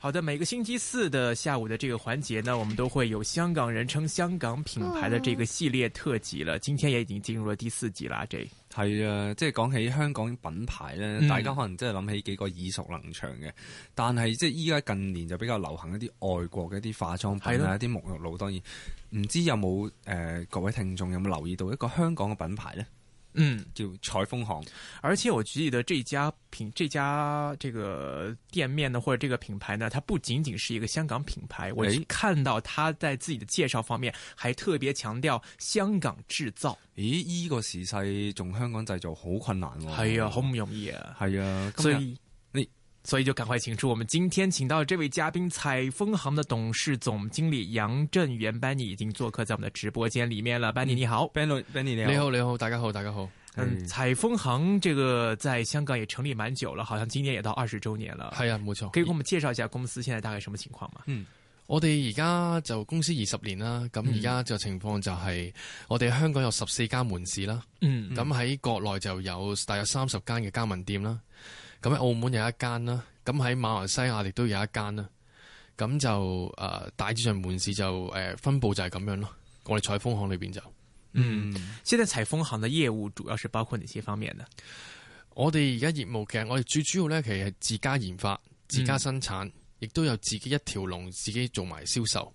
好的，每個星期四的下午的這個環節呢，我們都會有香港人稱香港品牌的這個系列特輯了。今天也已經進入了第四集啦，對。係啊，即係講起香港品牌呢，嗯、大家可能真係諗起幾個耳熟能詳嘅，但係即係依家近年就比較流行一啲外國嘅一啲化妝品啦，的一啲沐浴露，當然唔知有冇誒、呃、各位聽眾有冇留意到一個香港嘅品牌呢？嗯，叫彩豐行，而且我記得這家品、這家這個店面呢，或者這個品牌呢，它不僅僅是一個香港品牌，誒我看到他在自己的介紹方面，還特別強調香港製造。咦，依、這個時勢，仲香港製造好困難喎。係啊，好唔、啊、容易啊。係啊，所以。所以就趕快請出我們今天請到這位嘉賓，彩豐行的董事總經理楊振源，班尼已經做客在我們的直播間裏面了。班尼你好、嗯，你好，你好，大家好，大家好。嗯，彩豐行這個在香港也成立滿久了，好像今年也到二十周年了。係啊、嗯，冇錯。可以給我們介紹一下公司現在大概什麼情況嗎？嗯、我哋而家就公司二十年啦，咁而家就情況就係我哋香港有十四間門市啦。咁喺、嗯、國內就有大約三十間嘅加盟店啦。咁喺澳門有一間啦，咁喺馬來西亞亦都有一間啦，咁就誒、呃、大致上門市就誒、呃、分佈就係咁樣咯。我哋彩豐行裏邊就，嗯，現在彩豐行嘅業務主要是包括哪些方面呢？我哋而家業務其實我哋最主要咧，其實係自家研發、自家生產，亦、嗯、都有自己一條龍，自己做埋銷售。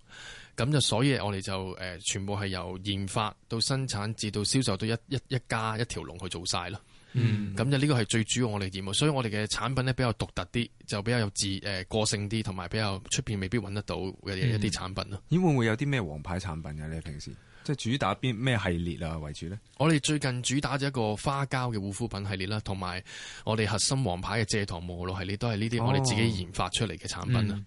咁就所以我哋就誒、呃，全部係由研發到生產至到銷售，到一一一家一條龍去做晒咯。嗯，咁就呢個係最主要我哋業務，所以我哋嘅產品咧比較獨特啲，就比較有自誒、呃、個性啲，同埋比較出邊未必揾得到嘅一啲產品咯。咦、嗯欸，會唔會有啲咩皇牌產品嘅？你平時即係主打邊咩系列啊，為主咧？嗯嗯、我哋最近主打咗一個花膠嘅護膚品系列啦，同埋我哋核心皇牌嘅蔗糖磨砂系列都係呢啲我哋自己研發出嚟嘅產品啊。哦嗯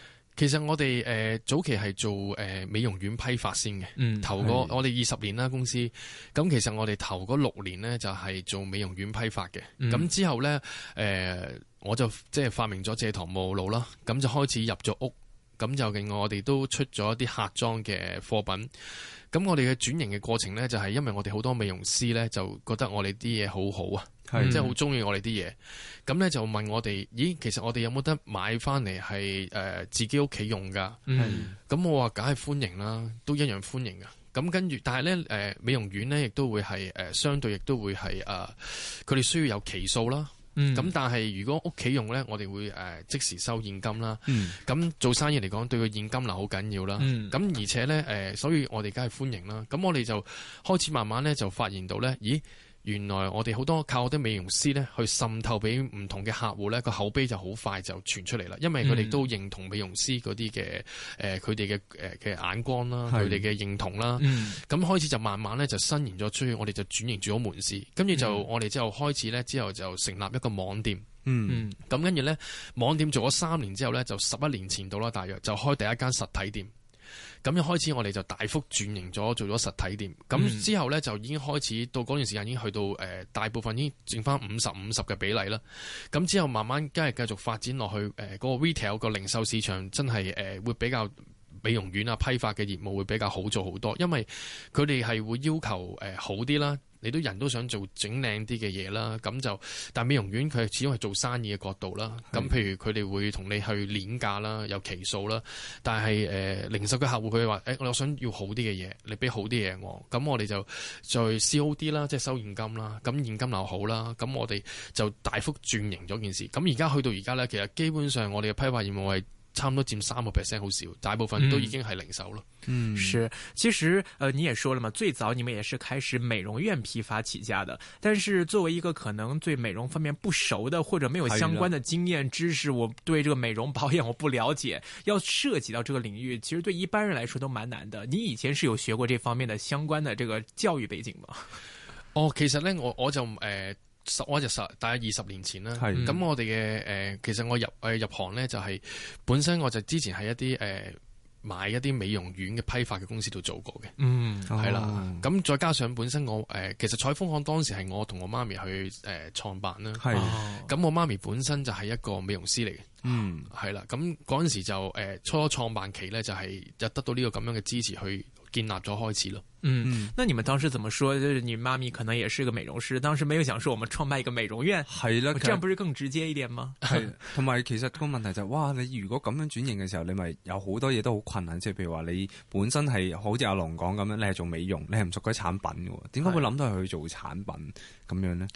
其實我哋誒、呃、早期係做誒、呃、美容院批發先嘅，頭嗰我哋二十年啦公司。咁其實我哋頭嗰六年呢，就係、是、做美容院批發嘅，咁、嗯、之後呢，誒、呃、我就即係發明咗蔗糖路路啦，咁就開始入咗屋，咁就另外我哋都出咗一啲客裝嘅貨品。咁我哋嘅轉型嘅過程呢，就係、是、因為我哋好多美容師呢，就覺得我哋啲嘢好好啊，的即係好鍾意我哋啲嘢。咁呢，就問我哋，咦，其實我哋有冇得買返嚟係誒自己屋企用㗎？咁的的我話梗係歡迎啦，都一樣歡迎嘅。咁跟住，但係呢誒、呃、美容院呢，亦都會係誒、呃、相對亦都會係誒佢哋需要有期數啦。咁、嗯、但係如果屋企用呢，我哋會誒即時收現金啦。咁、嗯、做生意嚟講，對個現金流好緊要啦。咁、嗯、而且呢，誒，所以我哋梗係歡迎啦。咁我哋就開始慢慢呢，就發現到呢。咦？原來我哋好多靠我哋美容師咧去滲透俾唔同嘅客戶咧，個口碑就好快就傳出嚟啦，因為佢哋都認同美容師嗰啲嘅誒佢哋嘅誒嘅眼光啦，佢哋嘅認同啦，咁是、嗯、開始就慢慢咧就伸延咗出去，我哋就轉型做咗門市，跟住就我哋之後開始咧之後就成立一個網店，嗯，咁跟住咧網店做咗三年之後咧就十一年前度啦，大約就開第一間實體店。咁一開始我哋就大幅轉型咗，做咗實體店。咁、嗯、之後呢，就已經開始到嗰段時間已經去到誒大部分已經剩翻五十五十嘅比例啦。咁之後慢慢梗係繼續發展落去，誒、那、嗰個 retail 個零售市場真係誒會比較美容院啊、批發嘅業務會比較好做好多，因為佢哋係會要求誒好啲啦。你都人都想做整靚啲嘅嘢啦，咁就但美容院佢始終係做生意嘅角度啦。咁是譬如佢哋會同你去攣價啦，有期數啦。但係誒、呃、零售嘅客戶佢話：誒我想要好啲嘅嘢，你俾好啲嘢、嗯、我。咁我哋就再 COD 啦，即係收現金啦。咁現金流好啦。咁我哋就大幅轉型咗件事。咁而家去到而家呢，其實基本上我哋嘅批發業務係。差唔多佔三個 percent，好少，大部分都已經係零售咯。嗯，是，其實，呃，你也説了嘛，最早你們也是開始美容院批發起家的。但是作為一個可能對美容方面不熟的，或者沒有相關的經驗知識，的我對這個美容保養我不了解。要涉及到這個領域，其實對一般人來說都蠻難的。你以前是有學過這方面的相關的這個教育背景嗎？哦，其實呢，我我就誒。呃十我就十，大概二十年前啦。咁、嗯、我哋嘅誒，其實我入誒入行咧，就係本身我就之前喺一啲誒、呃、買一啲美容院嘅批發嘅公司度做過嘅。嗯，係、哦、啦。咁再加上本身我誒、呃，其實彩豐行當時係我同我媽咪去誒、呃、創辦啦。係是。咁、哦、我媽咪本身就係一個美容師嚟嘅。嗯，係啦。咁嗰陣時就誒初、呃、創辦期咧，就係就得到呢個咁樣嘅支持去。建立咗開始啦，嗯，嗯，那你們當時怎麼說？就是，你媽咪可能也是個美容師，當時沒有想說我們創辦一個美容院，係啦的，這樣不是更直接一點嗎？係 同埋其實個問題就係，哇，你如果咁樣轉型嘅時候，你咪有好多嘢都好困難，即係譬如話你本身係好似阿龍講咁樣，你係做美容，你係唔熟嗰啲產品嘅，點解會諗到去做產品咁樣呢？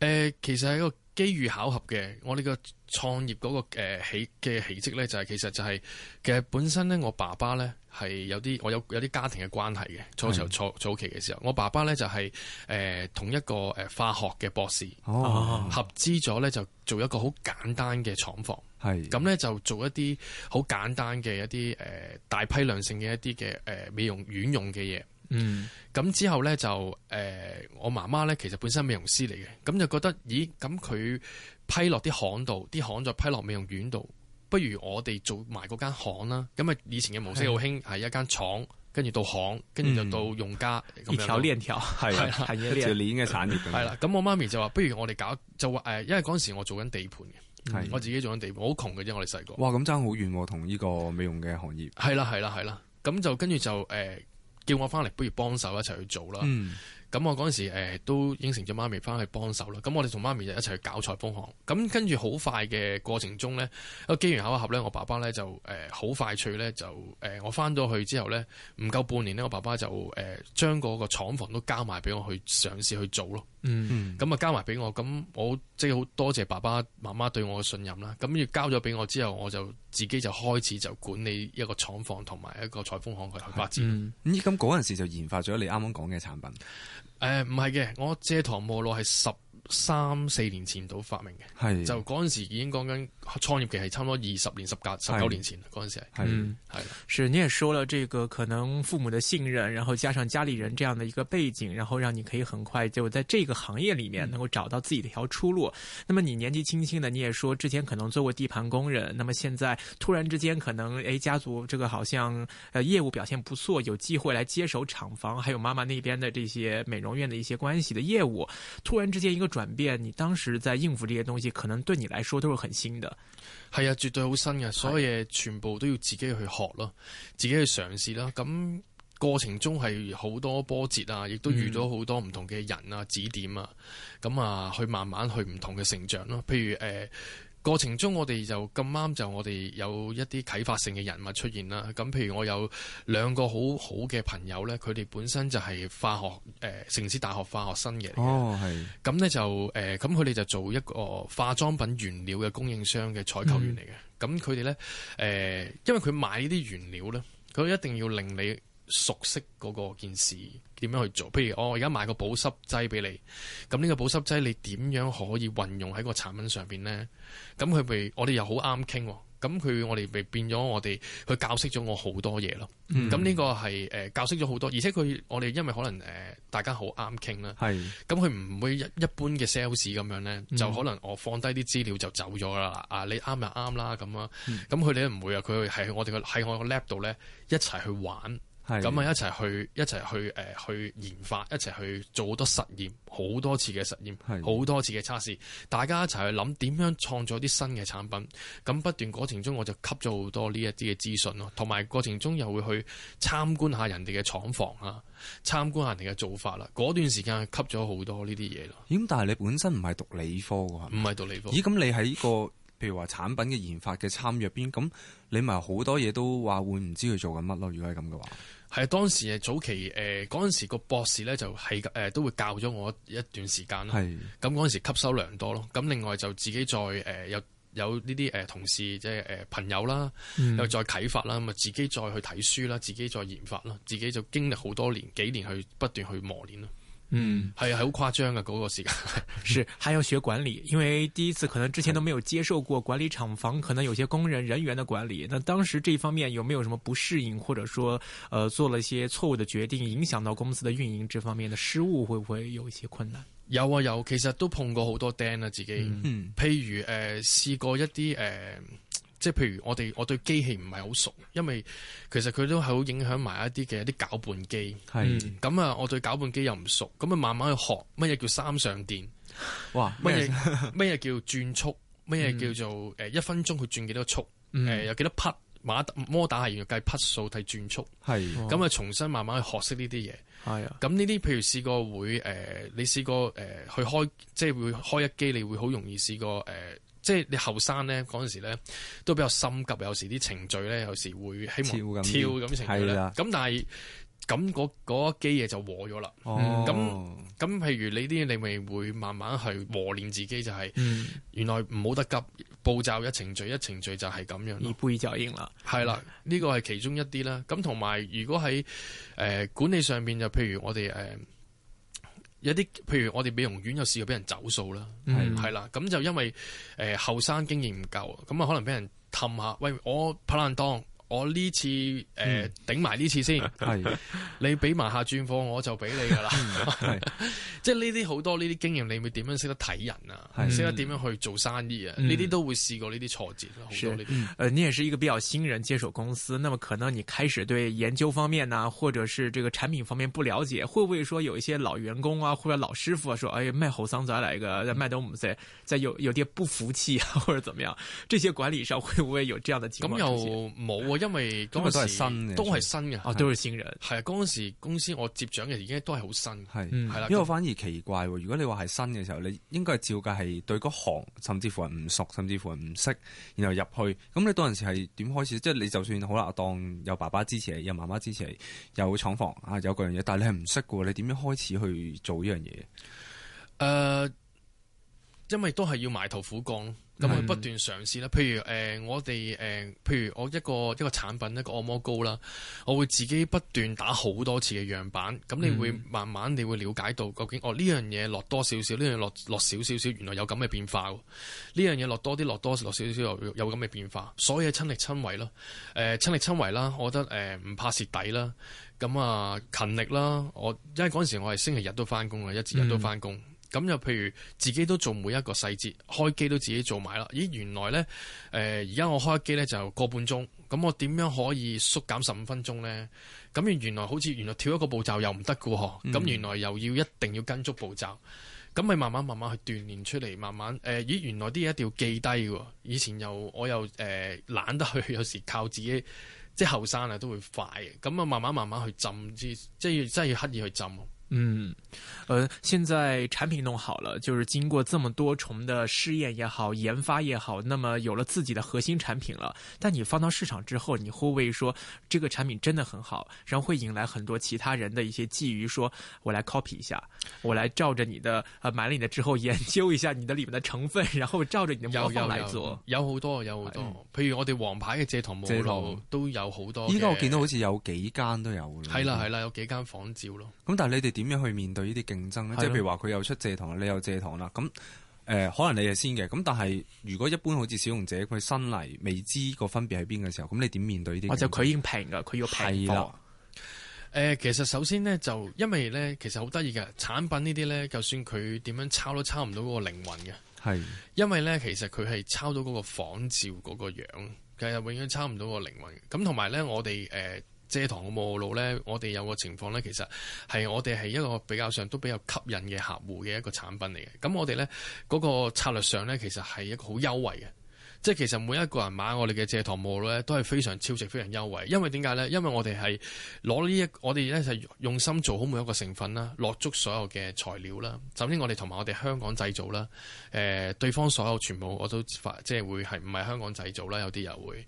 誒的、呃，其實係一個機遇巧合嘅，我哋、那個創業嗰個誒起嘅奇蹟咧，就係、是、其實就係、是、其實本身咧，我爸爸咧。係有啲我有有啲家庭嘅關係嘅，初時初早期嘅時候，是我爸爸咧就係、是、誒、呃、同一個誒化學嘅博士、哦、合資咗咧，就做一個好簡單嘅廠房。係咁咧就做一啲好簡單嘅一啲誒、呃、大批量性嘅一啲嘅誒美容院用嘅嘢。嗯，咁、嗯、之後咧就誒、呃、我媽媽咧其實本身美容師嚟嘅，咁就覺得咦咁佢批落啲行度，啲行就批落美容院度。不如我哋做埋嗰間行啦，咁啊以前嘅模式好興，係一間廠跟住到行，跟住就到用家一、嗯、樣條鏈條，係係嘢鏈條嘅產業。係啦、啊，咁我媽咪就話不如我哋搞就話誒，因為嗰陣時我做緊地盤嘅，係、嗯、我自己做緊地盤，好窮嘅啫。我哋細個哇，咁爭好遠喎、啊，同呢個美容嘅行業係啦係啦係啦，咁、啊啊啊啊、就跟住就誒叫我翻嚟，不如幫手一齊去做啦。嗯。咁我嗰陣時都應承咗媽咪翻去幫手啦，咁我哋同媽咪就一齊去搞彩豐行，咁跟住好快嘅過程中咧，一個機緣巧合咧，我爸爸咧就誒好快脆咧就誒我翻咗去之後咧，唔夠半年咧，我爸爸就誒將嗰個廠房都交埋俾我去嘗試去做咯，嗯、嗯，咁啊交埋俾我，咁我。即係好多謝爸爸媽媽對我嘅信任啦，咁要交咗俾我之後，我就自己就開始就管理一個廠房同埋一個彩豐行去發展。咁依咁嗰陣時就研發咗你啱啱講嘅產品。誒唔係嘅，我蔗糖無路係十三四年前都發明嘅，是就嗰陣時已經講緊創業期，係差唔多二十年十九十九年前嗰陣是時係係。是、嗯、是的你也說了這個可能父母的信任，然後加上家裏人這樣的一個背景，然後讓你可以很快就在這個行業裏面能夠找到自己的一條出路。嗯、那麼你年紀輕輕的，你也說之前可能做過地盤工人，那麼現在突然之間可能誒、哎、家族這個好像誒、呃、業務表現不錯，有機會來接手廠房，還有媽媽那邊的這些美容院的一些關係的業務，突然之間一個轉轉變，你當時在應付這些東西，可 能、嗯嗯、對你來說都是很新的。係啊的，絕對好新嘅，所有嘢全部都要自己去學咯，自己去嘗試啦。咁過程中係好多波折啊，亦都遇到好多唔同嘅人啊、指點啊，咁啊，去慢慢去唔同嘅成長咯。譬如誒、呃過程中，我哋就咁啱就我哋有一啲啟發性嘅人物出現啦。咁譬如我有兩個好好嘅朋友呢，佢哋本身就係化學誒、呃、城市大學化學生嘅。哦，係。咁呢就誒，咁佢哋就做一個化妝品原料嘅供應商嘅採購員嚟嘅。咁佢哋呢，誒、呃，因為佢買呢啲原料呢，佢一定要令你熟悉嗰個件事點樣去做？譬如我而家買個保濕劑俾你，咁呢個保濕劑你點樣可以運用喺個產品上邊咧？咁佢咪我哋又好啱傾，咁佢我哋咪變咗我哋佢教識咗我好多嘢咯。咁呢、嗯、個係誒、呃、教識咗好多，而且佢我哋因為可能誒、呃、大家好啱傾啦，咁佢唔會一一般嘅 sales 咁樣咧，就可能我放低啲資料就走咗啦。嗯、啊，你啱、嗯、就啱啦，咁啊，咁佢哋唔會啊。佢係我哋嘅喺我個 lab 度咧一齊去玩。咁啊一齊去一齊去誒、呃、去研發一齊去做好多實驗，好多次嘅實驗好的多次嘅測試，大家一齊去諗點樣創造啲新嘅產品。咁不斷過程中我就吸咗好多呢一啲嘅資訊咯，同埋過程中又會去參觀下人哋嘅廠房啊，參觀下人哋嘅做法啦。嗰段時間吸咗好多呢啲嘢咯。咦？但係你本身唔係讀理科噶？唔係讀理科。咦？咁你喺個譬如話產品嘅研發嘅參與邊，咁你咪好多嘢都話會唔知佢做緊乜咯？如果係咁嘅話。係當時係早期誒，嗰、呃、陣時個博士咧就係誒、呃、都會教咗我一，一段時間啦。係咁嗰陣時吸收良多咯。咁另外就自己再誒、呃、有有呢啲誒同事即係誒朋友啦，又再啟發啦。咁啊自己再去睇書啦，自己再研發啦，自己就經歷好多年幾年去不斷去磨練咯。嗯，係啊係好誇張噶嗰個時間。 是，還要學管理，因為第一次可能之前都沒有接受過管理廠房，可能有些工人人員的管理。那當時這一方面有沒有什麼不適應，或者說，呃，做了一些錯誤的決定，影響到公司的運營這方面的失誤，會唔會有一些困難？有啊有，其實都碰過好多釘啊。自己。嗯、mm。Hmm. 譬如誒，試、呃、過一啲誒。呃即係譬如我哋，我對機器唔係好熟，因為其實佢都係好影響埋一啲嘅一啲攪拌機。係咁啊，嗯、我對攪拌機又唔熟，咁啊慢慢去學乜嘢叫三上電，哇！乜嘢乜嘢叫轉速，乜嘢叫做誒一分鐘去轉幾多速？誒有幾多匹馬摩打係要計匹數睇轉速。係咁啊，哦、重新慢慢去學識呢啲嘢。係啊的，咁呢啲譬如試過會誒、呃，你試過誒去開，即係會開一機，你會好容易試過誒。呃呃呃即係你後生咧，嗰陣時咧都比較心急，有時啲程序咧，有時會希望跳咁程序咧。咁但係咁嗰嗰一機嘢就和咗啦。咁咁、哦嗯、譬如你啲，你咪會慢慢去磨練自己，就係、是、原來唔好得急，步驟一程序一程序就係咁樣。而背就應啦。係啦，呢、這個係其中一啲啦。咁同埋如果喺誒、呃、管理上面，就譬如我哋誒。呃有啲譬如我哋美容院有試過俾人走數啦，係係啦，咁就因為誒後生經驗唔夠，咁啊可能俾人氹下，喂我拍爛檔。我呢次誒頂埋呢次先，係，你俾埋下轉貨，我就俾你㗎啦。即係呢啲好多呢啲經驗你會點樣識得睇人啊？係，識 得點樣去做生意啊？呢啲 都會試過呢啲挫折好多呢啲。誒、嗯，呃，你係是一個比較新人接手公司，那麼可能你開始對研究方面啊，或者是這個產品方面不了解，會唔會說有一些老員工啊，或者老師傅啊，說誒咩後生仔，嚟嘅，咩都唔識，再再有有啲不服氣啊，或者怎麼樣，這些管理上會唔會有這樣的情況。冇、嗯因為嗰時都係新嘅，都係新嘅。係啊，嗰陣時公司我接掌嘅已經都係好新，係係啦。呢個、嗯、因為反而奇怪。如果你話係新嘅時候，你應該係照計係對嗰行，甚至乎係唔熟，甚至乎係唔識，然後入去。咁你當陣時係點開始？即、就、係、是、你就算好難當，有爸爸支持，有媽媽支持，有廠房啊，有各樣嘢，但係你係唔識嘅。你點樣開始去做呢樣嘢？誒、呃，因為都係要埋頭苦幹。咁我會不斷嘗試啦，譬如誒、呃、我哋誒、呃，譬如我一個一個產品一個按摩膏啦，我會自己不斷打好多次嘅樣板，咁你會慢慢你會了解到，究竟我呢、嗯哦、樣嘢落多少少，呢樣落落少少少，原來有咁嘅變化；呢樣嘢落多啲，落多落少少有有咁嘅變化。所以親力親為咯，誒、呃、親力親為啦，我覺得誒唔、呃、怕蝕底啦，咁啊勤力啦，我因為嗰陣時我係星期日都返工啊，一至日都返工。嗯咁又譬如自己都做每一個細節，開機都自己做埋啦。咦，原來呢？誒、呃，而家我開機呢，就個半鐘，咁我點樣可以縮減十五分鐘呢？咁原來好似原來跳一個步驟又唔得嘅喎，咁、嗯、原來又要一定要跟足步驟，咁咪慢慢慢慢去鍛鍊出嚟，慢慢誒咦、呃，原來啲嘢一定要記低喎。以前又我又誒、呃、懶得去，有時靠自己，即係後生啊都會快。咁啊，慢慢慢慢去浸之，即係真係要刻意去浸。嗯，呃，現在產品弄好了，就是經過這麼多重的試驗也好，研發也好，那麼有了自己的核心產品了。但你放到市場之後，你會不會說這個產品真的很好，然後會引來很多其他人的一些覬覦，說我來 copy 一下，我來照着你的，呃，買了你的之後研究一下你的裏面的成分，然後照着你的配方來做。有好多，有好多、哎，譬如我哋王牌嘅這圖模都有好多。依家我見到好似有幾間都有了。係啦，係啦，有幾間仿照咯。咁但係你哋。點樣去面對呢啲競爭咧？即係譬如話佢又出蔗糖，是的 你又蔗糖啦。咁誒、呃，可能你係先嘅。咁但係如果一般好似使用者，佢新嚟未知個分別喺邊嘅時候，咁你點面對呢啲？或者佢已經平噶，佢要平貨。誒是的、呃，其實首先呢，就因為呢，其實好得意嘅產品呢啲呢，就算佢點樣抄都抄唔到個靈魂嘅。係，是的 因為呢，其實佢係抄到嗰個仿照嗰個樣，其實永遠抄唔到個靈魂。咁同埋呢，我哋誒。呃呃呃呃呃呃呃蔗糖嘅慕露呢，我哋有個情況呢，其實，係我哋係一個比較上都比較吸引嘅客戶嘅一個產品嚟嘅。咁我哋呢嗰個策略上呢，其實，係一個好優惠嘅。即係其實每一個人買我哋嘅蔗糖慕露呢，都係非常超值、非常優惠。因為點解呢？因為我哋係攞呢一，我哋呢，係用心做好每一個成分啦，落足所有嘅材料啦。首先，我哋同埋我哋香港製造啦。誒、呃，對方所有全部我都發，即係會，係唔係香港製造啦？有啲又會。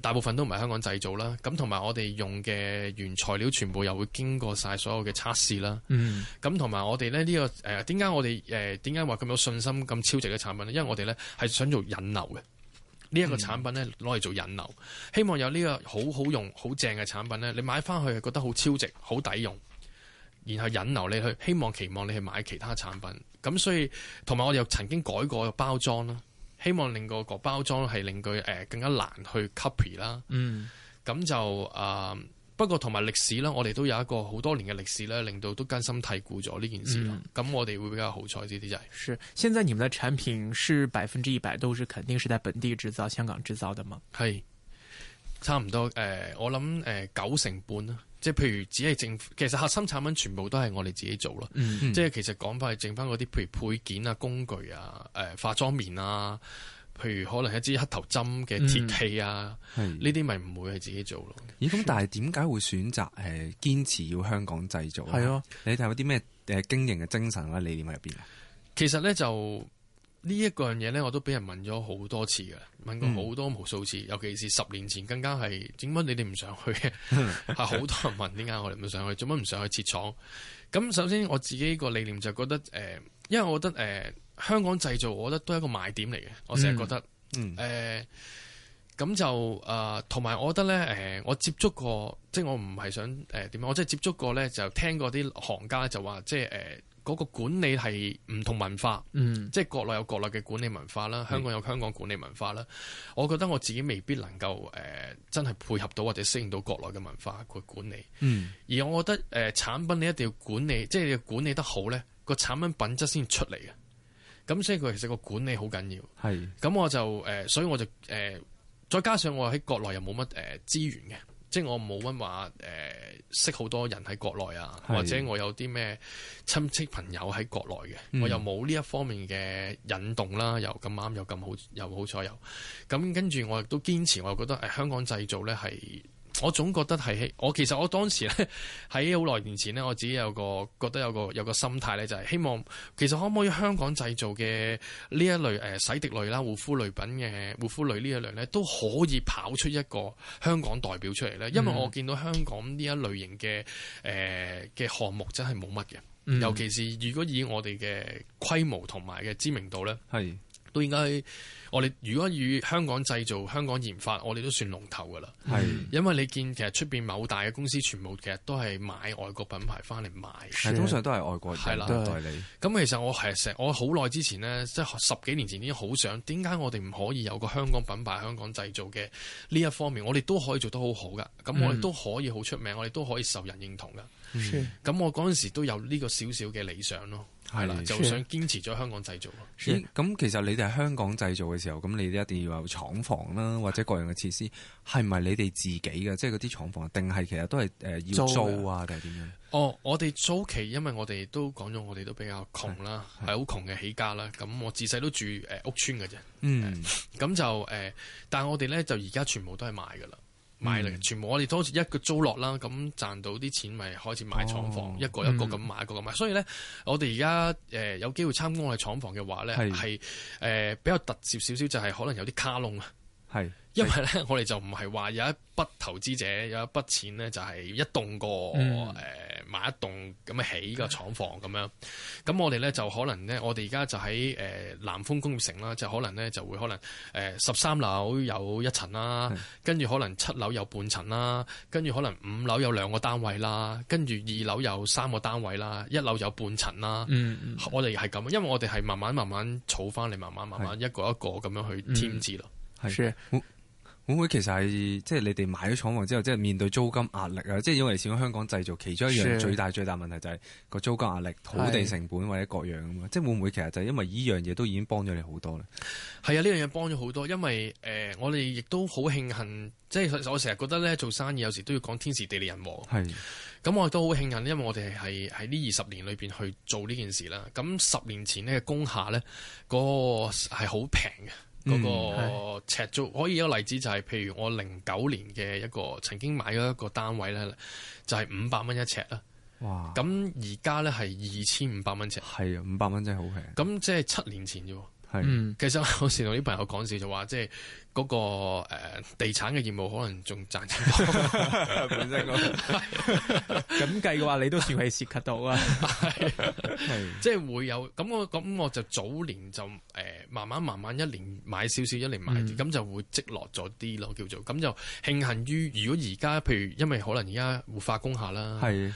大部分都唔係香港製造啦，咁同埋我哋用嘅原材料全部又會經過晒所有嘅測試啦。咁同埋我哋咧，呢個誒點解我哋誒點解話咁有信心咁超值嘅產品呢？因為我哋呢係想做引流嘅，呢、這、一個產品呢攞嚟做引流，嗯、希望有呢個好好用、好正嘅產品咧，你買翻去係覺得好超值、好抵用，然後引流你去，希望期望你去買其他產品。咁所以同埋我哋又曾經改過個包裝啦。希望令個個包裝係令佢誒、呃、更加難去 copy 啦。嗯，咁就誒、呃、不過同埋歷史啦，我哋都有一個好多年嘅歷史咧，令到都根深蒂固咗呢件事咯。咁、嗯、我哋會比較好彩啲啲就係。是，現在你們嘅產品是百分之一百都是肯定是在本地製造、香港製造的嗎？係，差唔多誒、呃，我諗誒九成半啦。即係譬如只係政，其實核心產品全部都係我哋自己做咯。嗯、即係其實講翻係整翻嗰啲譬如配件啊、工具啊、誒、呃、化妝棉啊，譬如可能一支黑頭針嘅鐵器啊，呢啲咪唔會係自己做咯。咦？咁但係點解會選擇誒、呃、堅持要香港製造？係咯，你睇有啲咩誒經營嘅精神或者理念喺入邊啊？其實咧就。呢一個樣嘢咧，我都俾人問咗好多次㗎喇，問過好多無數次，尤其是十年前更加係，整乜你哋唔想去嘅？係好 多人問點解我哋唔想去，做乜唔想去設廠？咁首先我自己個理念就覺得，誒、呃，因為我覺得誒、呃、香港製造，我覺得都係一個賣點嚟嘅，我成日覺得，誒、嗯，咁、嗯呃、就誒，同、呃、埋我覺得咧，誒、呃呃，我接觸過，即係我唔係想誒點、呃、樣，我即係接觸過咧，就聽過啲行家就話，即係誒。呃嗰個管理係唔同文化，嗯、即係國內有國內嘅管理文化啦，嗯、香港有香港管理文化啦。我覺得我自己未必能夠誒、呃、真係配合到或者適應到國內嘅文化個管理。嗯、而我覺得誒、呃、產品你一定要管理，即係管理得好咧，個產品品質先出嚟嘅。咁所以佢其實個管理好緊要。係咁是我就誒、呃，所以我就誒、呃，再加上我喺國內又冇乜誒資源嘅。即係我冇乜話誒識好多人喺國內啊，的或者我有啲咩親戚朋友喺國內嘅，嗯、我又冇呢一方面嘅引動啦、嗯，又咁啱又咁好，又好彩又咁，跟住我亦都堅持，我又覺得誒香港製造咧係。我總覺得係我其實我當時咧喺好耐年前呢，我自己有個覺得有個有個心態呢，就係希望其實可唔可以香港製造嘅呢一類誒、呃、洗滌類啦、護膚類品嘅護膚類呢一類呢，都可以跑出一個香港代表出嚟呢？因為我見到香港呢一類型嘅誒嘅項目真係冇乜嘅，嗯、尤其是如果以我哋嘅規模同埋嘅知名度呢，係是都應該。我哋如果與香港製造、香港研發，我哋都算龍頭㗎啦。係的，因為你見其實出面某大嘅公司，全部其實都係買外國品牌翻嚟賣。係，通常都係外國人的都代理。咁其實我係成，我好耐之前呢，即係十幾年前已經好想，點解我哋唔可以有個香港品牌、香港製造嘅呢一方面？我哋都可以做得好好㗎，咁我哋都可以好出名，嗯、我哋都可以受人認同㗎。咁的我嗰陣時都有呢個小小嘅理想咯。係啦，Sure. 就想堅持咗香港製造。咁 Yeah. 其實你哋喺香港製造嘅時候，咁你哋一定要有廠房啦、啊，或者各樣嘅設施，係咪你哋自己嘅？即係嗰啲廠房，定係其實都係誒要租啊的，定係點樣？哦，我哋租期，因為我哋都講咗，我哋都比較窮啦，係好窮嘅起家啦。咁我自細都住誒屋邨嘅啫。嗯，咁、呃、就誒、呃，但係我哋咧就而家全部都係賣噶啦。買嚟，全部我哋當時一個租落啦，咁、嗯、賺到啲錢咪開始買廠房，哦、一個一個咁買、嗯、一個咁買。所以咧，我哋而家誒有機會參觀我哋廠房嘅話咧，係誒是、呃、比較特殊少少，就係、是、可能有啲卡窿啊。係，因為咧，我哋就唔係話有一筆投資者有一筆錢咧，就係一棟個誒買一棟咁起個廠房咁樣。咁、嗯、我哋咧就可能咧，我哋而家就喺誒南豐工業城啦，就是、可能咧就會可能誒十三樓有一層啦，跟住、嗯、可能七樓有半層啦，跟住可能五樓有兩個單位啦，跟住二樓有三個單位啦，一樓有半層啦。嗯嗯、我哋係咁，因為我哋係慢慢慢慢儲翻嚟，慢慢慢慢一個一個咁樣去添置咯。嗯嗯係會唔會其實係，即係你哋買咗廠房之後，即係面對租金壓力啊，即係因為以前香港製造其中一樣最大最大問題就係個租金壓力、土地成本或者各樣啊嘛，是即係會唔會其實就係因為呢樣嘢都已經幫咗你好多咧？係啊，呢樣嘢幫咗好多，因為誒、呃、我哋亦都好慶幸，即係我成日覺得咧，做生意有時都要講天時地利人和。係咁是，我亦都好慶幸，因為我哋係喺呢二十年裏邊去做呢件事啦。咁十年前咧，工廈咧嗰個係好平嘅。嗰個、嗯、尺租可以一個例子就係、是，譬如我零九年嘅一個曾經買咗一個單位咧，就係五百蚊一尺啦。哇！咁而家咧係二千五百蚊尺。係啊，五百蚊真係好平。咁即係七年前啫喎。是嗯，其實我成日同啲朋友講笑就話、是，即係嗰個、呃、地產嘅業務可能仲賺錢多。本身咁計嘅話，你都算係涉及到啊。係，即係會有咁我咁我就早年就誒、呃、慢慢慢慢一年買少少，一年買啲，咁、嗯、 就會積落咗啲咯，叫做咁就慶幸於如果而家譬如因為可能而家活化工廈、 啊、啦。係。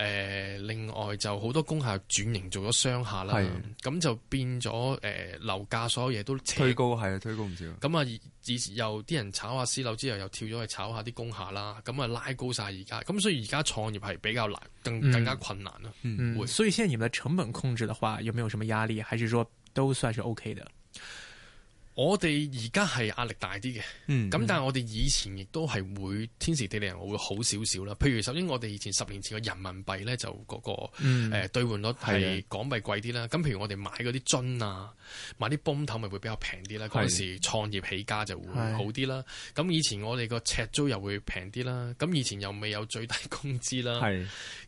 誒、呃、另外就好多工廈轉型做咗商廈啦，咁的就變咗誒、呃、樓價所有嘢都推高，係啊推高唔少。咁啊，以前又啲人炒下私樓之後又跳咗去炒下啲工廈啦，咁啊拉高晒而家。咁所以而家創業係比較難，嗯、更更加困難啊。嗯會嗯、所以現在你們的成本控制嘅話，有冇有什麼壓力？還是說都算是 OK 嘅。我哋而家係壓力大啲嘅，咁、嗯、但係我哋以前亦都係會天時地利人和好少少啦。譬如首先我哋以前十年前嘅人民幣咧就嗰、那個誒兌換率係港幣貴啲啦。咁的譬如我哋買嗰啲樽啊，買啲泵頭咪會比較平啲啦。嗰的時創業起家就會好啲啦。咁的以前我哋個尺租又會平啲啦。咁以前又未有最低工資啦。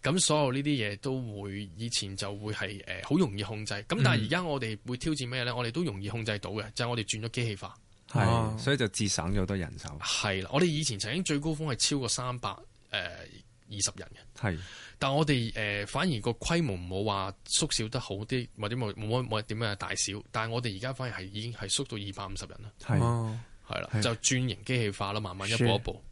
咁的所有呢啲嘢，都會以前就會係誒好容易控制。咁的、嗯、但係而家我哋會挑戰咩咧？我哋都容易控制到嘅，就係、是、我哋。轉咗機器化，係、oh.，所以就節省咗好多人手。係啦，我哋以前曾經最高峰係超過三百誒二十人嘅，係的。但係我哋誒、呃、反而個規模唔好話縮小得好啲，或者冇冇冇點樣大小。但係我哋而家反而係已經係縮到二百五十人啦。係，係啦，就轉型機器化咯，慢慢一步一步。Sure.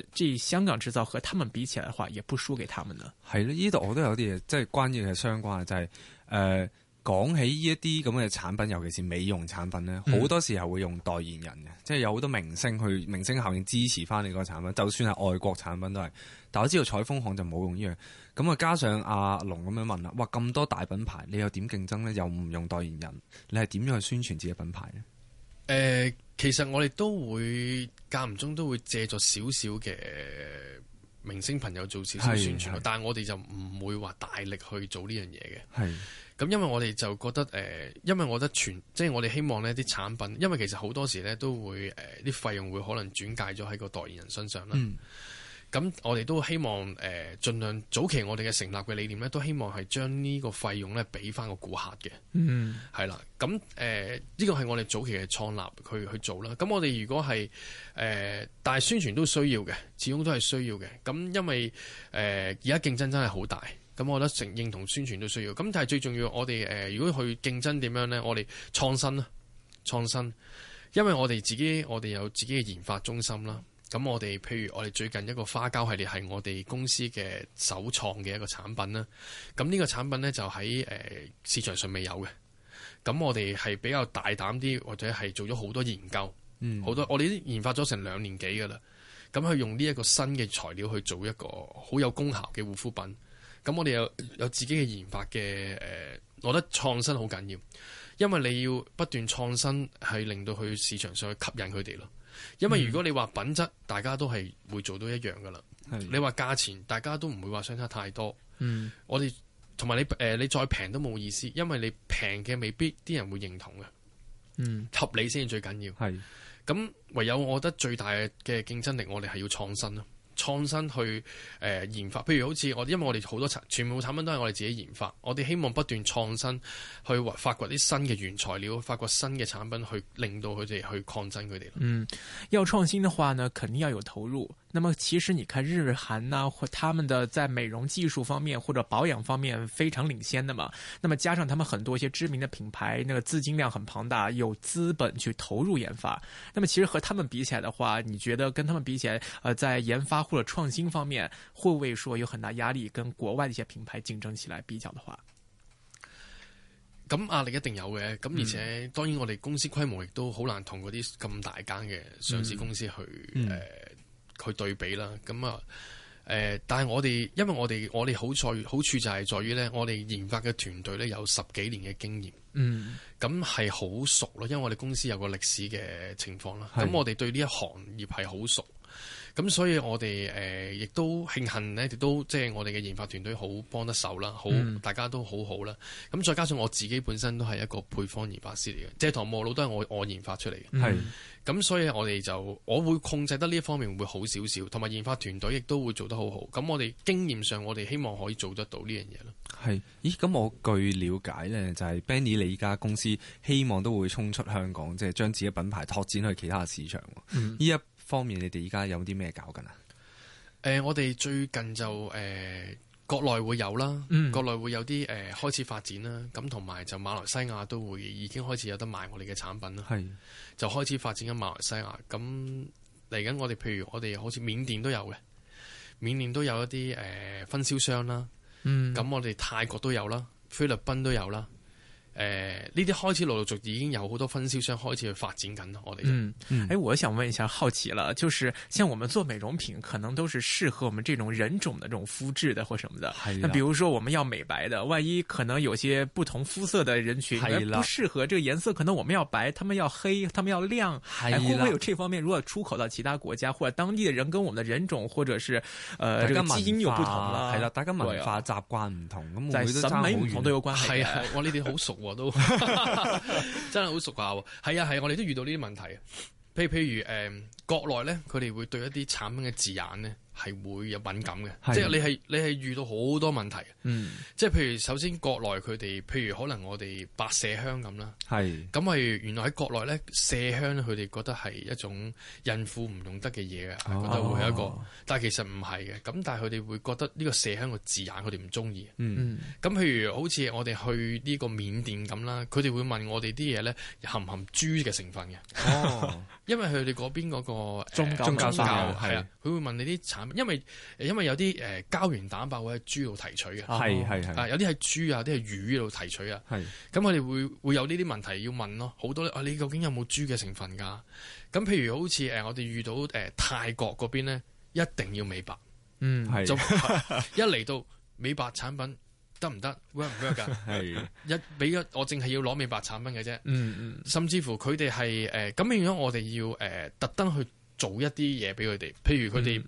即係香港製造和他們比起來的話，也不輸給他們啦。係呢度我都有啲嘢，即係關於係相關嘅，就係、是、誒，講、呃、起呢一啲咁嘅產品，尤其是美容產品呢，好多時候會用代言人嘅，嗯、即係有好多明星去明星效應支持翻你個產品，就算係外國產品都係。但我知道彩豐行就冇用呢、這、樣、個，咁啊加上阿龍咁樣問啦，哇咁多大品牌，你又點競爭呢？又唔用代言人，你係點樣去宣傳自己品牌呢？」誒、呃，其實我哋都會。間唔中都會借助少少嘅明星朋友做少少宣傳，但係我哋就唔會話大力去做呢樣嘢嘅。係是，咁因為我哋就覺得誒、呃，因為我覺得傳，即係我哋希望呢啲產品，因為其實好多時呢都會誒啲、呃、費用會可能轉介咗喺個代言人身上啦。嗯咁我哋都希望誒，儘、呃、量早期我哋嘅成立嘅理念咧，都希望係將呢個費用咧，俾翻個顧客嘅。嗯，係啦。咁誒，呢個係我哋早期嘅創立去去做啦。咁我哋如果係誒、呃，但係宣傳都需要嘅，始終都係需要嘅。咁因為誒，而、呃、家競爭真係好大。咁我覺得承認同宣傳都需要。咁但係最重要我，我哋誒，如果去競爭點樣咧？我哋創新啦，創新。因為我哋自己，我哋有自己嘅研發中心啦。咁我哋譬如我哋最近一個花膠系列係我哋公司嘅首創嘅一個產品啦。咁呢個產品呢，就喺誒市場上未有嘅。咁我哋係比較大膽啲，或者係做咗好多研究，好多，嗯、我哋都研發咗成兩年幾噶啦。咁佢用呢一個新嘅材料去做一個好有功效嘅護膚品。咁我哋有有自己嘅研發嘅誒、呃，我覺得創新好緊要，因為你要不斷創新係令到去市場上去吸引佢哋咯。因為如果你話品質，大家都係會做到一樣噶啦。是的 你話價錢，大家都唔會話相差太多。嗯、我哋同埋你誒、呃，你再平都冇意思，因為你平嘅未必啲人會認同嘅。嗯、合理先至最緊要。係咁，唯有我覺得最大嘅競爭力我，我哋係要創新咯。創新去誒研發，譬如好似我哋，因為我哋好多產全部產品都係我哋自己研發，我哋希望不斷創新去發掘啲新嘅原材料，發掘新嘅產品去令到佢哋去抗爭佢哋。嗯，要創新嘅話呢，肯定要有投入。那麼其實你看日韓吶，或他們的在美容技術方面或者保養方面非常領先的嘛。那麼加上他們很多一些知名的品牌，那個資金量很龐大，有資本去投入研發。那麼其實和他們比起來的話，你覺得跟他們比起來，呃，在研發或者創新方面會不會說有很大壓力，跟國外的一些品牌競爭起來比較的話？咁壓力一定有嘅。咁而且當然我哋公司規模亦都好難同嗰啲咁大間嘅上市公司去誒。嗯去對比啦，咁啊，誒，但係我哋，因為我哋，我哋好在，好處就係在於呢，我哋研發嘅團隊呢，有十幾年嘅經驗，嗯，咁係好熟咯，因為我哋公司有個歷史嘅情況啦，咁的我哋對呢一行業係好熟。咁所以我，我哋誒亦都慶幸呢亦都即係、就是、我哋嘅研發團隊好幫得手啦，好大家都好好啦。咁、嗯、再加上我自己本身都係一個配方研發師嚟嘅，即係唐木腦都係我我研發出嚟嘅。係咁、嗯，所以我哋就我會控制得呢一方面會好少少，同埋研發團隊亦都會做得好好。咁我哋經驗上，我哋希望可以做得到呢樣嘢咯。係咦？咁我據了解呢，就係、是、Benny，你依家公司希望都會衝出香港，即係將自己品牌拓展去其他市場。依一、嗯。方面你，你哋而家有啲咩搞緊啊？誒，我哋最近就誒、呃，國內會有啦，嗯、國內會有啲誒、呃、開始發展啦。咁同埋就馬來西亞都會已經開始有得賣我哋嘅產品啦。係是，就開始發展緊馬來西亞。咁嚟緊我哋，譬如我哋好似緬甸都有嘅，緬甸都有一啲誒、呃、分銷商啦。嗯，咁我哋泰國都有啦，菲律賓都有啦。誒，呢啲開始陸陸續續已經有好多分銷商開始去發展緊，我哋。嗯，誒、哎，我想問一下，好奇啦，就是像我們做美容品，可能都是適合我們這種人種的這種膚質的或什麼的。那的比如說我們要美白的，萬一可能有些不同膚色的人群，係啦。不適合這個顏色，可能我們要白，他們要黑，他們要亮，係啦的、哎。會唔會有這方面？如果出口到其他國家或者當地的人，跟我們的人種或者是、呃大，大家文化係啦，大家文化習慣唔同，咁審美都差好遠，係啊。哇，呢啲好熟。 我都 真係好熟 啊！係啊係啊，我哋都遇到呢啲問題啊。譬如譬如誒，國內咧，佢哋會對一啲產品嘅字眼咧，係會有敏感嘅，是即係你係你係遇到好多問題。嗯，即係譬如首先國內佢哋，譬如可能我哋白麝香咁啦，係咁是，例如原來喺國內咧麝香，佢哋覺得係一種孕婦唔用得嘅嘢嘅，哦、覺得會係一個，但係其實唔係嘅。咁但係佢哋會覺得呢個麝香個字眼，佢哋唔中意。嗯，咁譬如好似我哋去呢個緬甸咁啦，佢哋會問我哋啲嘢咧含唔含豬嘅成分嘅。哦 因為佢哋嗰邊嗰個宗間教係年啊，佢、啊、會問你啲產品，因為因為有啲誒膠原蛋白會喺豬度提取嘅，係係係，有啲係豬啊，啲係魚度提取啊，係是，咁我哋會會有呢啲問題要問咯，好多咧，啊你究竟有冇豬嘅成分噶？咁譬如好似誒、呃、我哋遇到誒、呃、泰國嗰邊咧，一定要美白，嗯，就一嚟到美白產品。得唔得 work 唔 work 㗎？係 一俾一，我淨係要攞美白產品嘅啫、嗯。嗯嗯，甚至乎佢哋係誒咁變咗，呃、我哋要誒、呃、特登去做一啲嘢俾佢哋。譬如佢哋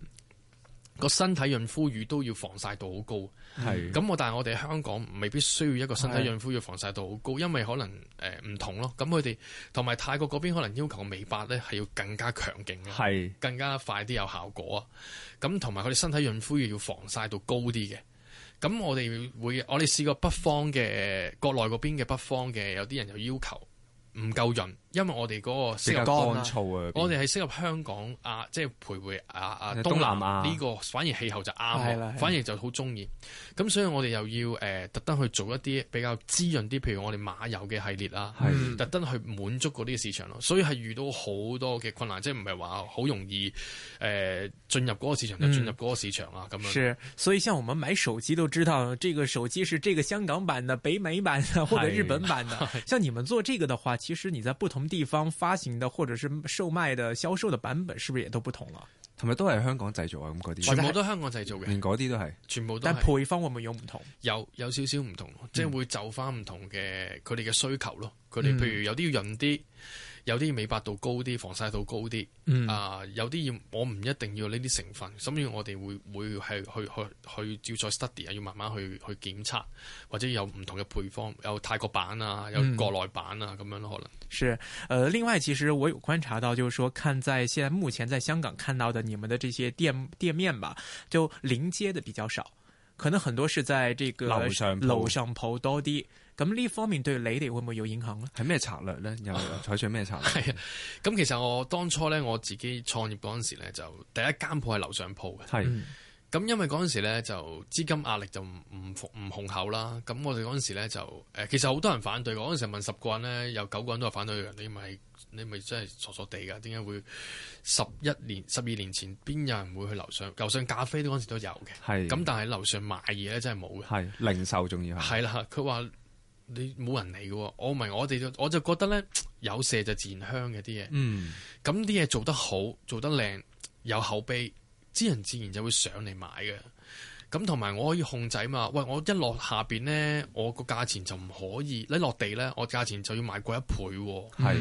個身體潤膚乳都要防曬度好高。係咁、嗯，嗯、但我但係我哋香港未必需要一個身體潤膚乳防曬度好高，的因為可能誒唔、呃、同咯。咁佢哋同埋泰國嗰邊可能要求美白咧係要更加強勁嘅，的更加快啲有效果啊。咁同埋佢哋身體潤膚乳要防曬度高啲嘅。咁我哋會我哋試過北方嘅國內邊嘅北方嘅，有啲人就要求唔夠潤。因為我哋嗰個適合、啊、比較乾燥啊，我哋係適合香港啊，即、就、係、是、徘徊啊啊，啊東南亞呢個反而氣候就啱喎，了反而就好鍾意。咁了所以我哋又要誒、呃、特登去做一啲比較滋潤啲，譬如我哋馬油嘅系列啦、啊，的特登去滿足嗰啲市場咯。所以係遇到好多嘅困難，即係唔係話好容易誒、呃、進入嗰個市場、嗯、就進入嗰個市場啊咁樣。是，所以像我們買手機都知道，這個手機是這個香港版的、北美版或者日本版的。的的像你們做這個的話，其實你在不同地方發行的或者是售賣的銷售的版本是不是也都不同啊？同埋都係香港製造咁啲，全部都香港製造嘅，連嗰啲都係全部都。但係配方會唔會有唔同？有有少少唔同，嗯、即係會就翻唔同嘅佢哋嘅需求咯。佢哋譬如有啲要潤啲。嗯有啲美白度高啲，防曬度高啲。啊、嗯呃，有啲要我唔一定要呢啲成分，所以我哋會會係去去去要再 study 啊，要慢慢去去檢測，或者有唔同嘅配方，有泰國版啊，有國內版啊，咁、嗯、樣咯。可能是，呃，另外其實我有觀察到，就是說，看在現在目前在香港看到的你們的這些店店面吧，就臨街的比較少，可能很多是在這個樓上樓上鋪多啲。咁呢方面對你哋會唔會有影響咧？係咩策略咧？又採取咩策略？係啊，咁 其實我當初咧，我自己創業嗰陣時咧，就第一間鋪係樓上鋪嘅。係的，咁、嗯、因為嗰陣時咧就資金壓力就唔唔唔雄厚啦。咁我哋嗰陣時咧就誒，其實好多人反對嘅。嗰陣時問十個人咧，有九個人都係反對嘅。你咪你咪真係傻傻地㗎？點解會十一年、十二年前邊有人會去樓上？樓上咖啡啲嗰陣時都有嘅。係的，咁但係樓上買嘢咧真係冇嘅。係，零售仲要係。係啦，佢話。你冇人嚟嘅，我唔係我哋，就，我就覺得咧有麝就自然香嘅啲嘢。嗯，咁啲嘢做得好，做得靚，有口碑，自然自然就會上嚟買嘅。咁同埋我可以控制嘛，喂，我一落下邊咧，我個價錢就唔可以你落地咧，我價錢就要賣貴一倍。係，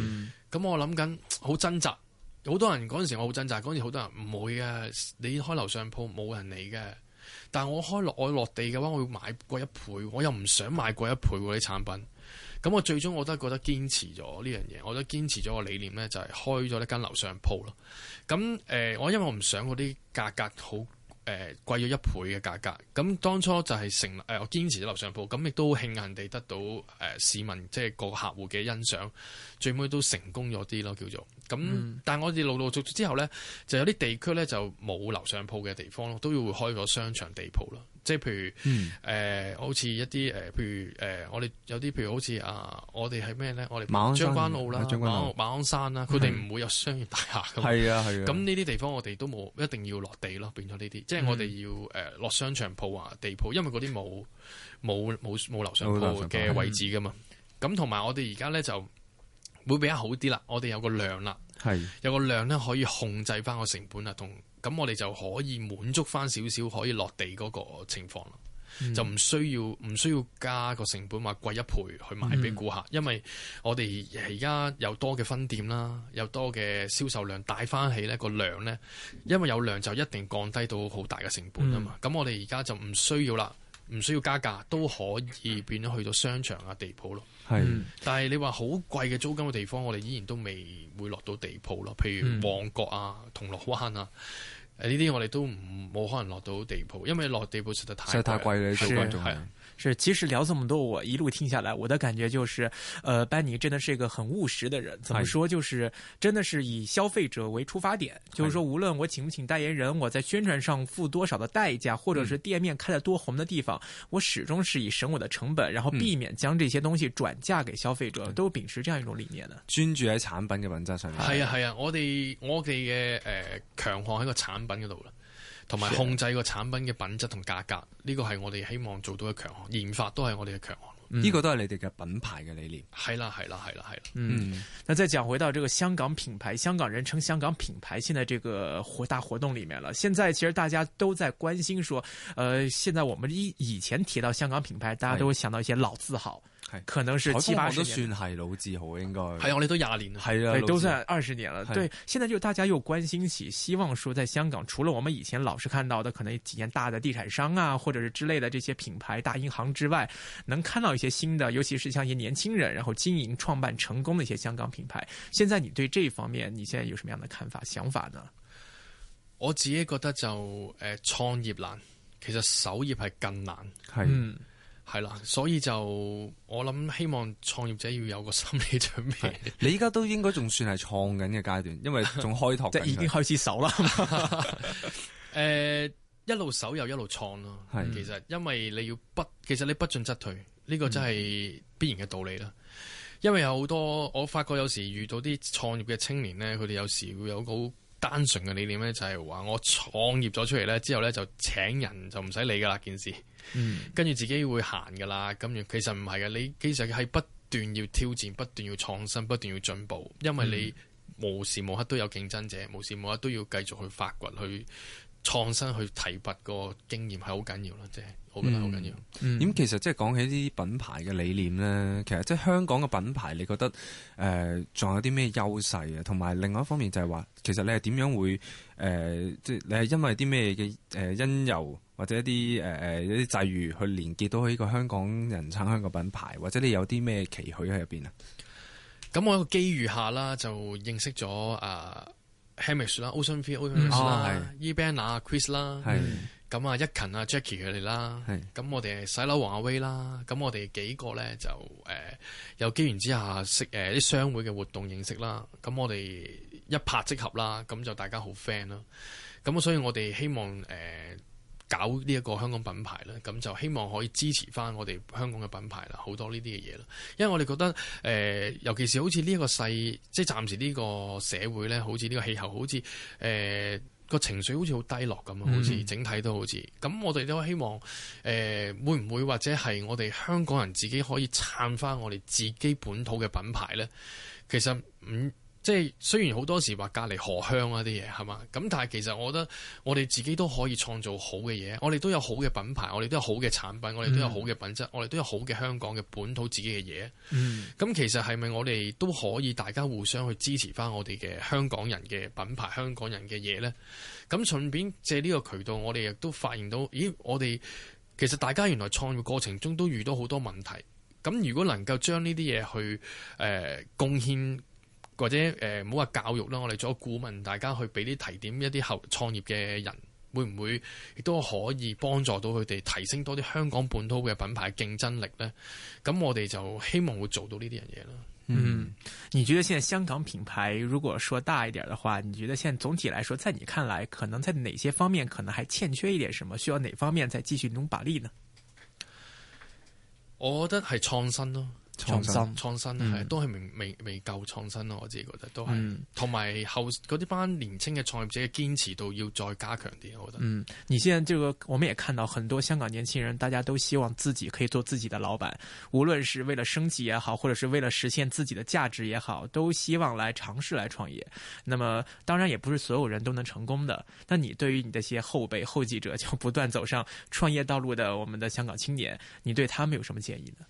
咁、嗯、我諗緊好掙扎，好多人嗰陣時我好掙扎，嗰陣時好多人唔會嘅，你開樓上鋪冇人嚟嘅。但我開落我落地嘅話，我會買貴一倍，我又唔想買貴一倍嗰啲產品。咁我最終我都覺得堅持咗呢樣嘢，我都堅持咗個理念呢，就係開咗呢間樓上鋪咯。咁誒、呃，我因為我唔想嗰啲價格好。誒、呃、貴咗一倍嘅價格，咁當初就係成誒、呃、我堅持咗樓上鋪，咁亦都慶幸地得到誒、呃、市民即係個客戶嘅欣賞，最尾都成功咗啲咯叫做。咁、嗯、但係我哋陸陸續續之後呢，就有啲地區呢，就冇樓上鋪嘅地方咯，都要開個商場地鋪咯。即係譬如誒，好似一啲誒，譬如誒，我哋有啲譬如好似啊，我哋係咩咧？我哋將軍澳啦，馬馬鞍山啦，佢哋唔會有商業大廈。係啊係啊。咁呢啲地方我哋都冇一定要落地咯，變咗呢啲。即係我哋要誒落商場鋪啊、地鋪，因為嗰啲冇冇冇冇樓上鋪嘅位置噶嘛。咁同埋我哋而家咧就會比較好啲啦。我哋有個量啦，係有個量咧可以控制返個成本啊，同。咁我哋就可以滿足翻少少可以落地嗰個情況啦，嗯、就唔需要唔需要加個成本話貴一倍去買俾顧客，嗯、因為我哋而家有多嘅分店啦，有多嘅銷售量帶翻起呢、呢個量呢，因為有量就一定降低到好大嘅成本啊嘛，咁、嗯、我哋而家就唔需要啦。唔需要加價都可以變咗去到商場啊地鋪咯，係是的、嗯。但係你話好貴嘅租金嘅地方，我哋依然都未會落到地鋪咯。譬如旺角啊、銅鑼灣啊，誒呢啲我哋都唔冇可能落到地鋪，因為落地鋪實在太貴喇，租金喇，係啊。是，其實聊這麼多，我一路聽下來，我的感覺就是，呃，班尼真的是一個很務實的人。怎麼說？就是真的是以消費者為出發點，是就是說，無論我請不請代言人，我在宣傳上付多少的代價，或者是店面開在多紅的地方，嗯，我始終是以省我的成本，然後避免將這些東西轉嫁給消費者，都秉持這樣一種理念的。嗯嗯嗯、專注喺產品嘅品質上面。係啊係啊，的的的的的的的我哋我哋嘅誒，強項喺個產品嗰度。同埋控制個產品嘅品質同價格，呢個係我哋希望做到嘅強項。研發都係我哋嘅強項，呢個都係你哋嘅品牌嘅理念。係啦，係啦，係啦，係啦。嗯，再講回到這個香港品牌，香港人稱香港品牌，現在這個活大活動裡面了。現在其實大家都在關心，說，呃，現在我們以以前提到香港品牌，大家都會想到一些老字號。可能係七八十年都算係老字號，應該係我哋都廿年，係啊對，致都算二十年啦。對，是現在就大家又關心起，希望說，在香港除了我們以前老是看到的可能幾間大的地產商啊，或者是之類的這些品牌、大銀行之外，能看到一些新的，尤其是像一些年輕人，然後經營創辦成功的一些香港品牌。現在你對這一方面，你現在有什麼樣的看法、想法呢？我自己覺得就誒，創、呃、業難，其實守業係更難，係是。嗯係啦，所以就我諗希望創業者要有個心理準備。你依家都應該仲算係創緊嘅階段，因為仲開拓，即係 已經開始守啦。誒 呃，一路守又一路創咯。係是，嗯、其實因為你要不，其實你不進則退，呢、這個真係必然嘅道理啦。嗯、因為有好多，我發覺有時遇到啲創業嘅青年咧，佢哋有時會有個單純嘅理念咧就係話，我創業咗出嚟咧之後咧就請人就唔使理噶啦件事，嗯、跟住自己會行噶啦，咁其實唔係嘅，你其實係不斷要挑戰、不斷要創新、不斷要進步，因為你無時無刻都有競爭者，嗯、無時無刻都要繼續去發掘、去創新、去提拔個經驗係好緊要啦，即係。好緊要，好緊要。咁、嗯嗯、其實即係講起啲品牌嘅理念咧，其實即係香港嘅品牌，你覺得誒仲、呃、有啲咩優勢啊？同埋另外一方面就係話，其實你係點樣會誒即係你係因為啲咩嘅誒因由或者一啲誒誒一啲際遇去連結到呢個香港人撐香港品牌，或者你有啲咩期許喺入邊啊？咁、嗯、我有個機遇下啦，就認識咗、呃、Ham 啊 Hamish 啦，Oceanfield，Oceanfield 啦 Ebana，Chris 啦。咁啊，一勤啊，Jackie 佢哋啦，咁的我哋洗樓王阿威啦，咁我哋幾個咧就誒、呃，有機緣之下識誒啲、呃、商會嘅活動認識啦，咁我哋一拍即合啦，咁就大家好 friend 啦。咁所以我哋希望誒、呃、搞呢一個香港品牌咧，咁就希望可以支持返我哋香港嘅品牌啦，好多呢啲嘅嘢啦，因為我哋覺得誒、呃，尤其是好似呢一個世，即係暫時呢個社會咧，好似呢個氣候，好似誒。呃個情緒好似好低落咁啊，好似整體都好似咁，嗯、我哋都希望誒、呃，會唔會或者係我哋香港人自己可以撐翻我哋自己本土嘅品牌呢？其實唔～、嗯即係雖然好多時話隔離何香啊啲嘢係嘛，咁但係其實我覺得我哋自己都可以創造好嘅嘢，我哋都有好嘅品牌，我哋都有好嘅產品，我哋都有好嘅品質，嗯、我哋都有好嘅香港嘅本土自己嘅嘢。咁、嗯、其實係咪我哋都可以大家互相去支持翻我哋嘅香港人嘅品牌、香港人嘅嘢呢？咁順便借呢個渠道，我哋亦都發現到，咦，我哋其實大家原來創業過程中都遇到好多問題。咁如果能夠將呢啲嘢去誒、呃、貢獻。或者誒，唔好話教育啦，我哋做顧問，大家去俾啲提點，一啲後創業嘅人，會唔會亦都可以幫助到佢哋提升多啲香港本土嘅品牌競爭力呢？咁我哋就希望會做到呢啲樣嘢啦。嗯，你覺得現在香港品牌，如果說大一點的話，你覺得現在總體來說，在你看來，可能在哪些方面可能還欠缺一點什麼？需要哪方面再繼續努把力呢？我覺得係創新咯。創新創新係都係未未未夠創新咯，我自己覺得都係。同埋後嗰啲班年輕嘅創業者嘅堅持度要再加強啲。我覺得嗯，你現在這個我們也看到很多香港年輕人，大家都希望自己可以做自己的老闆，無論是為了升級也好，或者是為了實現自己的價值也好，都希望來嘗試來創業。那麼當然，也不是所有人都能成功的。那你對於你的一些後輩、後繼者，就不斷走上創業道路的我們的香港青年，你對他們有什麼建議呢？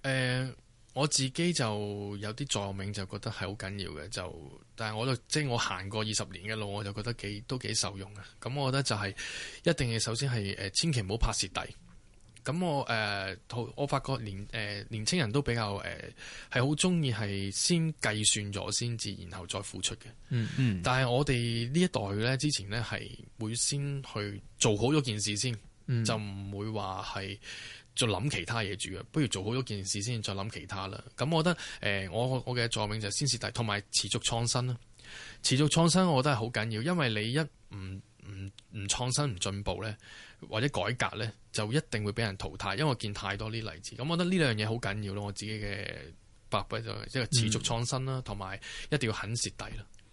誒、呃，我自己就有啲座右銘就覺得係好緊要嘅，就但係我就即係我行過二十年嘅路，我就覺得幾都幾受用嘅。咁我覺得就係、是、一定係首先係誒、呃，千祈唔好拍蝕底。咁我誒、呃，我發覺年誒、呃、年輕人都比較誒，係好中意係先計算咗先至，然後再付出嘅、嗯。嗯嗯。但係我哋呢一代咧，之前咧係會先去做好咗件事先，嗯、就唔會話係。就諗其他嘢住嘅，不如做好多件事先，再諗其他啦。咁我覺得，誒、呃，我我嘅座右銘就係先蝕底，同埋持續創新啦。持續創新，我覺得係好緊要，因為你一唔唔唔創新唔進步咧，或者改革咧，就一定會俾人淘汰。因為我見太多啲例子。咁我覺得呢兩樣嘢好緊要咯。我自己嘅白句就即係持續創新啦，同埋一定要肯蝕底啦。嗯。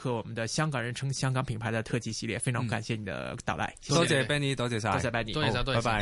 和我們的香港人稱香港品牌的特輯系列，非常感謝你的到來。多、嗯、謝 Benny，多謝曬，多謝。拜你拜拜，拜拜。